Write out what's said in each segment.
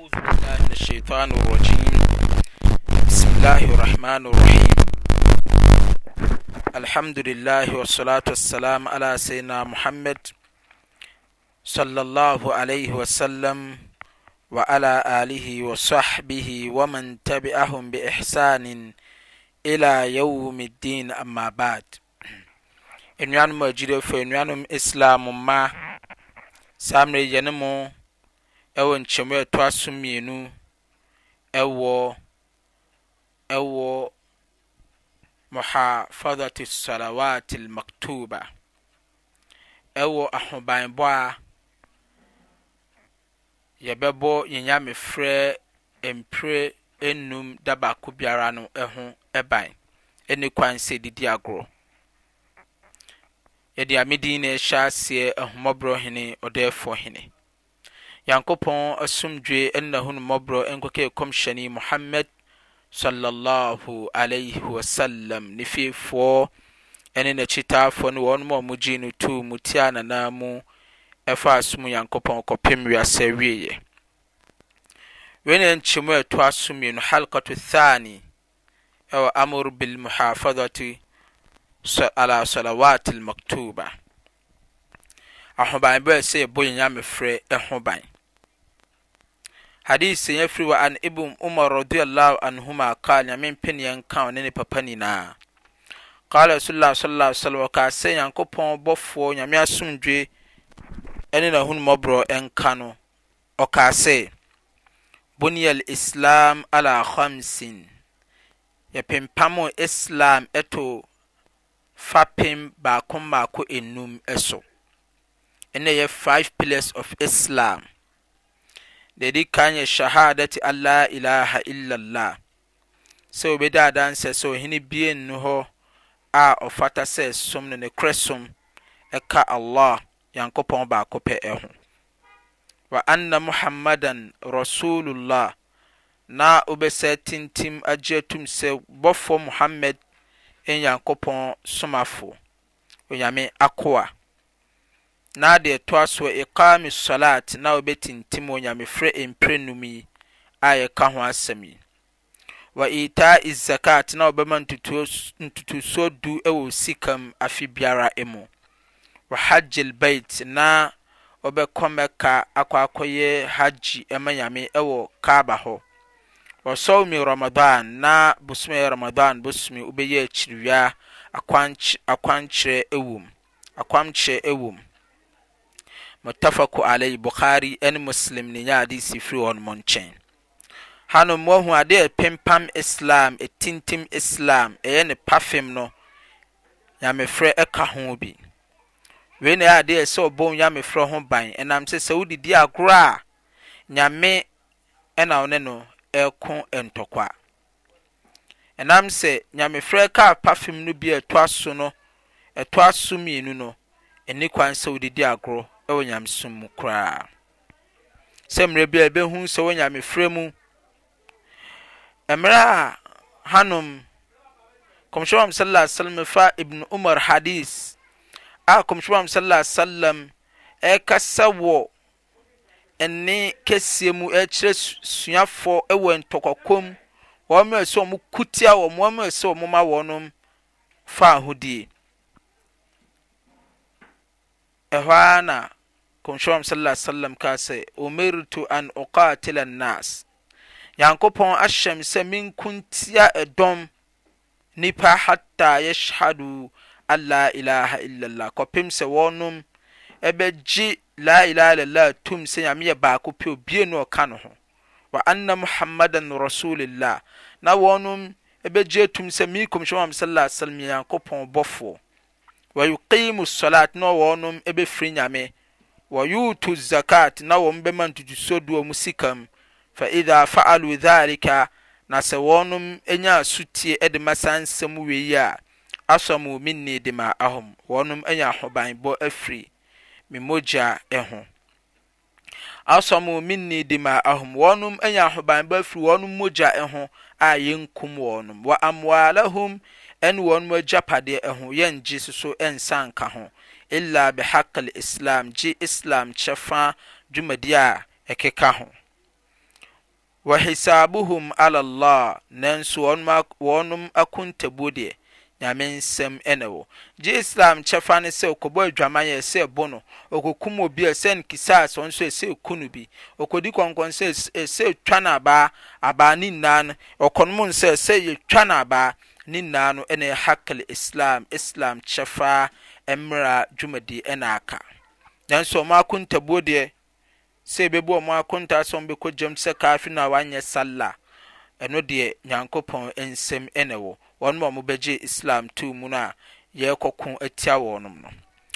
أعوذ بالله من الشيطان الرجيم بسم الله الرحمن الرحيم الحمد لله والصلاة والسلام على سيدنا محمد صلى الله عليه وسلم وعلى آله وصحبه ومن تبعهم بإحسان إلى يوم الدين أما بعد إنوانم أجري فإنوانم إسلام ما سامري ينمو ɛwɔ nkyɛmu a ɛtɔ so mmienu ɛwɔ ɛwɔ muhafadhati salawat almaktuba ɛwɔ ahobanbɔ a yɛbɛbɔ yɛnyame frɛ mpire enum da baako biara no ɛho ɛban ɛne kwan sɛ didi agorɔ yɛde amedin na ɛhyɛ aseɛ ahomɔborɔ hene ɔdɛɛfoɔ hene nyankopɔn asomdwe nnahonmmɔborɔ nkɔkɔ kɔm hyɛni yi mohammad sllh alihi wasalam ne fiefoɔ ne n'akyitaafoɔ no wɔɔnoma ɔ mugyei no tu mu tia nanaa mu ɛfa som nyankopɔn kɔpem wiasa wieɛ weine nkyimu ato asomino halekato thani ɛwɔ amor blmuhafahate ala salawat almaktuba ahoban bwɛ sɛ yɛbɔ yɛnyame frɛ ho ban hadis yɛ firi wa an ibn umar radiyallahu anhuma qal nyame mpɛneɛ nka ne ne papa nyinaa qala rasulullah sallallahu alaihi wasallam ka sɛ nyankopɔn bɔfoɔ nyame asomdwe ɛne n'ahonmmɔborɔ ɛnka no ɔkaa sɛ bunyal islam ala khamsin yɛpempam islam ɛto fapem baako mmaako enum ɛso ɛnna yɛ five pillars of islam dedi ka n nyɛ shahadati an laa ilaha ilala sɛ obɛdaadansɛ sɛ ohene bie nnu hɔ a ɔfata sɛ som nenekorɛ som ɛka alla nyankopɔn baako pɛ ɛho wa anna mohammadan resulullah na wobɛsɛ tintim agye atum sɛ bɔfoɔ mohamad en nyankopɔn som afo ɔnyame akoa na deɛ e so mi salat na wɔbɛtintim wɔ nyamefrɛ mprɛnum yi a yɛka ho asɛm yi wa itaa zakat na ntutu ntutusuo du wɔ sika mu afe biara mu wa hajjil bait na wɔbɛkɔ mɛka akɔ akɔyɛ hajj ɛma nyame wɔ kaaba hɔ wɔsɔwmi ramadan na bosom yɛ ramadan bosomi wobɛyɛ akyiriwia akwankyerɛ ɛwom akwamkyerɛ ɛwom mutafako alayhi bukhari ne muslim ni nya hadisi firi wɔn mo nkyɛn hanom wahu adeɛ e pempam islam etintim islam ɛyɛ e ne pafem no nyamefrɛ ɛka ho bi wei na ɛyɛ adeɛ e sɛ ɔbɔ nyamefrɛ ho ban ɛnam sɛ sɛ wodidi agorɔ a nyame ɛna ɔne no ɛko ntɔkwa ɛnam sɛ nyamefrɛ ka pafem no bi ɛtoa so no ɛtoa so mmienu no ɛni kwan sɛ wodidi agorɔ wɔ nyamesom mu koraa sɛ mmerɛ bi a ɛbɛhu sɛ wɔ nyamefrɛ mu mmerɛ a hanom kɔmhyɛ wam sallallahu fa ibn umar hadis a kɔmhyɛ wam salam alaihi wasallam ɛkasa wɔ ɛne kɛseɛ mu ɛkyerɛ suafoɔ ɛwɔ ntɔkɔkɔm wɔn mu ɛsɛ wɔn kutia wɔn wɔn mu ɛsɛ wɔn ma wɔn fa ahodie ɛhɔ ara na kɔmham s salm ka sɛ omirto an okatile annas nyankopɔn ahyɛm sɛ menkomtia ɛdɔm nipa hata yashaduu an la ilaha ilah kɔpem sɛ wɔnom bɛgye laila lla tum sɛ nyame yɛ baako pɛobie no ɔka ne ho wa anna mohammadan rasulillah na wɔnom bɛgye tum sɛ me komhɛ mam sasalam yɛ nyankopɔn bɔfoɔ wɔ ukiimu ssolat na wɔɔnom bɛfiri nyame wa yooto zakat na wɔn bɛma ntotusuodoɔ mu sikam fa idsa fa'alo dharika na sɛ wɔɔnom nya asotie de ma sa nsɛm wei a asmo1daahomɔnom nya ahobanbɔ afiri meoyaho asɔmo dimaahom wɔnom anya ahoban bɔ afiri wɔnom mogya ho a yɛnkum wɔɔ nom wɔ amwalahum ne wɔnom agya padeɛ ho yɛngye soso nsa anka ho illa bi haqqil islam gye islam kyɛfa dwumadi a ɛkeka ho wa hisabuhum ala allah nanso wɔnom akontabuo deɛ nyame nsɛm ɛna wɔ gye islam kyɛfa no sɛ ɔkɔbɔ adwaman yɛ sɛ ɛbɔ no ɔkɔkum obi a sɛ nkisaa sɛ nso ɛsɛ ɛku no bi ɔkɔdi kɔnkɔn sɛ ɛsɛ ɛtwa no abaa abaa ne nnaa no ɔkɔnom nsɛ ɛsɛ yɛtwa no abaa ne nnaa no ɛna ɛhakal islam islam kyɛfaa mmerɛ dwumadi na aka nanso ɔmo akontabuo deɛ sɛ ebebu ɔmo akonta sɛ ɔmo bɛkɔ gyam sɛ kaafi na wanyɛ salla ɛno deɛ nyankopɔn nsɛm na ɛwɔ wɔn a ɔmo bɛgye islam tuu mu no a yɛrekɔko atia wɔn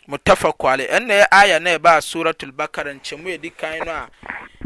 no tafa kwale ɛnna aya na ɛbaa suratul bakara nkyɛn mu yɛ di kan no a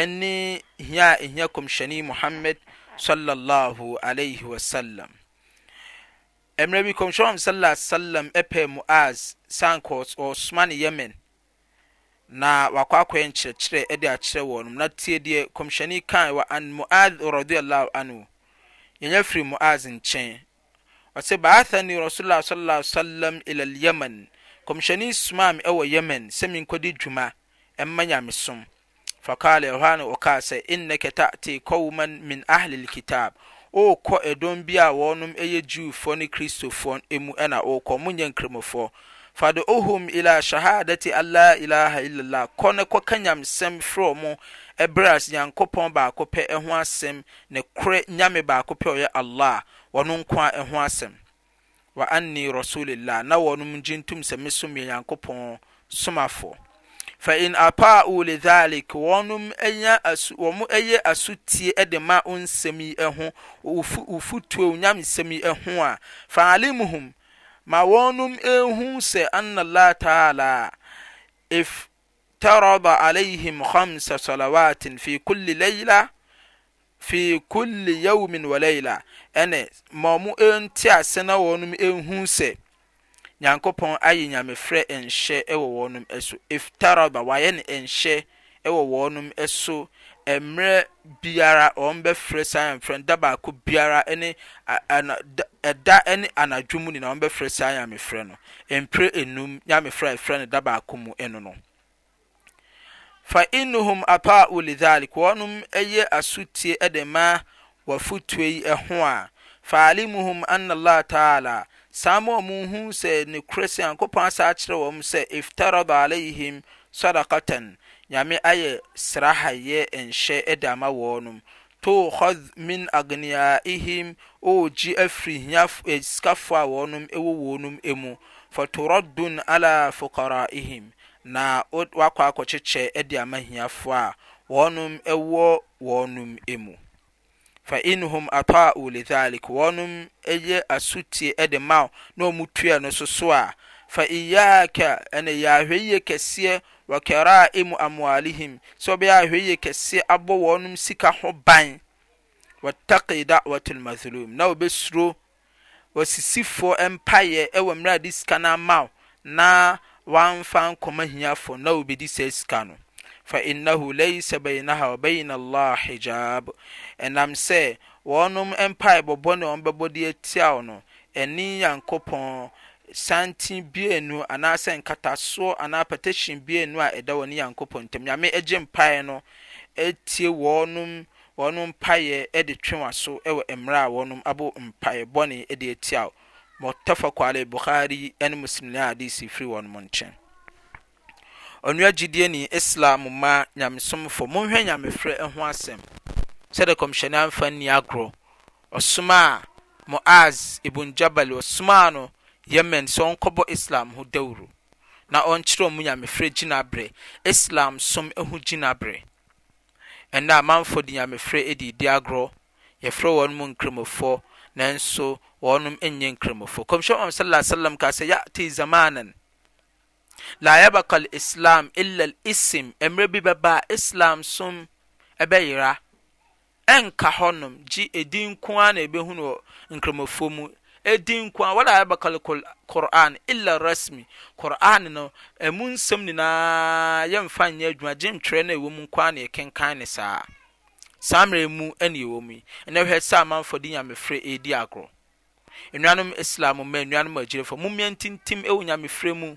ɛne hia a ɛhia kɔmhyɛne mohammɛd swsm mmerɛ bi kɔmsyɛnm sslam ɛpɛɛ moaz sankɔɔsoma ne yaman na wakɔ akɔ ɛ nkyerɛkyerɛ de akyerɛ wɔ nom na tiediɛ kɔmhyɛne kan wɔ an moadz rdihanhu yɛnya firi moaz nkyɛn ɔsɛ baathane rasull sm ilalyaman kɔmhyɛniyi soma a me ɛwɔ yaman sɛmenkɔde dwumama nyameso fakala yohane ɔka sɛ innaka ta'ti qauman min ahli alkitab ɔrekɔ ɛdɔm bi a wɔnom ɛyɛ jewfoɔ ne kristofoɔ mu ɛna ɔrekɔ monyɛ nkramofoɔ fade ohum ila shahadati allah ilaha illallah kɔ ne kɔka nyamsɛm frɛ mo ɛberɛ a nyankopɔn baako pɛ ɛho asɛm ne korɛ nyame baako pɛ ɔyɛ allah wɔno nko a ɛho asɛm wa anni rasulillah na wɔnom gye sɛ mesom yɛ nyankopɔn somafoɔ fa'in apa'u lidhalik wɔnom anya asu wɔn ɛyɛ asutie de ma nsɛm yi ho ufu ufutuo nyamsɛm yi ho a fa'alimuhum ma wɔnom ehu sɛ annala taala if taraba alayhim khamsa salawatin fi kulli layla fi kulli yawmin wa layla ɛnɛ ma wɔn nti ase na wɔnom ehu sɛ nyankopɔn ayɛ nyamefrɛ nhyɛ wɔ wɔnom so iftaraba wayɛ ne nhyɛ wɔ wɔnom so mmerɛ biara wɔn bɛfrɛ saa nyamefrɛ da baako biara ne ɛda ne anadwo mu nyinaa wɔn bɛfrɛ saa nyamefrɛ no mpere enum nyamefrɛ a ɛfrɛ no da baako mu no no fa inuhum apa ulidhalik wɔnom ɛyɛ asutie de ma wɔfotuo yi ho a faalimuhum anna allah ta'ala saa ma wɔn hu sɛ ne korɛ sɛ nyankopɔn asa akyerɛ wɔn sɛ iftarada alayhim sadakatan nyame ayɛ srahayɛ nhyɛ ɛde ama To tukhad min agniaihim ogyi afiri hiaf eh, sikafo a wɔnom ɛwɔ wɔn mu faturadun ala fukaraihim na wakɔ akɔkyekyɛ ɛde ama hiafo a wɔn ɛwɔ wɔnom mu fa inhum ata'u lidhalik wɔnom ɛyɛ asuti ɛde ma na wɔn no soso a fa iyaka ɛna ya yie kese wa kara'im amwalihim so be ya ahwɛ kese abo wonum sika ho ban wɔtaki da wɔtul mazlum na wɔbɛsuro wɔsisifoɔ mpaeɛ ɛwɔ mmerɛ a de sika na mao na wɔamfa koma hiafo na obedi sika no fainnaho laisa bainaha wabaina llah hijab ɛnam sɛ wɔnom mpae bɔbɔne ɔ bɛbɔde atiaw no ani nyankopɔn santen bianu anaasɛ nkatasoɔ anaa pɛtahen bianu a ɛda wɔ ne nyankopɔn ntam nyame gye mpaeɛ no tie wɔɔnom wɔnom paeɛ de twewa so wɔ mmerɛ a wɔnom abo mpaebɔne de atia mutafako alelbohari nemusmni hadis firi wɔnom nkyɛn ɔnuagyidi ni islam ma nyamesomfoɔ monhwɛ nyameferɛ ho asɛm sɛdɛ kɔmhyɛnne amfa n gorɔ ɔsom a moas ibunjabaly ɔsomaa no yamen sɛ ɔnkɔbɔ islam ho dawur na ɔnkyerɛ mu nyamefrɛ gyinaberɛ islam som hu gyina berɛ ɛnɛ manfd nyamef didi aorɔyɛfɛ ɔnm nkrmfnasɔnoyɛ nkrfksyɛsmk la yabaka islam illa isim mmerɛ bi bɛba a islam som ɛbɛyera ɛnka hɔnom gye edin ko ara na ebehunu wɔ nkramofoɔ mu edin ko ara wala yabaka qur'an illa rasmi qur'an no ɛmu nsɛm nyinaa yɛmfa nyɛ adwuma gye ntwerɛ na ɛwɔ mu ko ara na yɛkenkan ne saa saa mmerɛ mu ɛna ɛwɔ mu yi ɛna hwɛ sɛ amanfoɔ de nyamefrɛ edi agorɔ nnuanom islam mma nnuanom agyirefo mummia ntintim ɛwɔ nyamefrɛ mu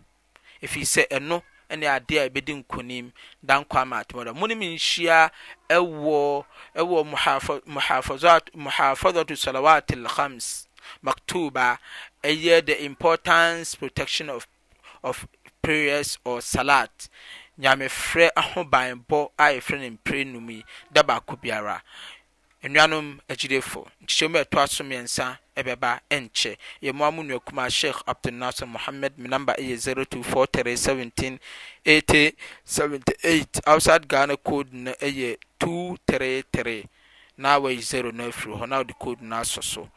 ɛfiri sɛ ɛno ɛne adeɛ a ɛbɛdi nkonim da nkɔ amaatom da mo no mnhyia ɛwɔ muhafazatu salowat l hams moctubea ɛyɛ the importance protection of periers or salad nyamefrɛ aho ban bɔ ayɛfrɛ no mpirɛ nnumu yi da baako biaraa nnwanom agjyide fo nkyekyɛmu atɔ asom yɛnsa ɛbɛba ɛnkyɛ yɛmoa mu nuakuma sheikh abdunnaser mohamad me nambe ɛyɛ 0243 17 878 outside ghana code na ɛyɛ 233 nawa i 0na afuri hɔ na wɔde kode na asɔ so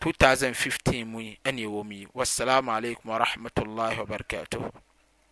2015 mu yi ane awɔm yi wassalamu aleikum warahmatullahi wa barakatuhu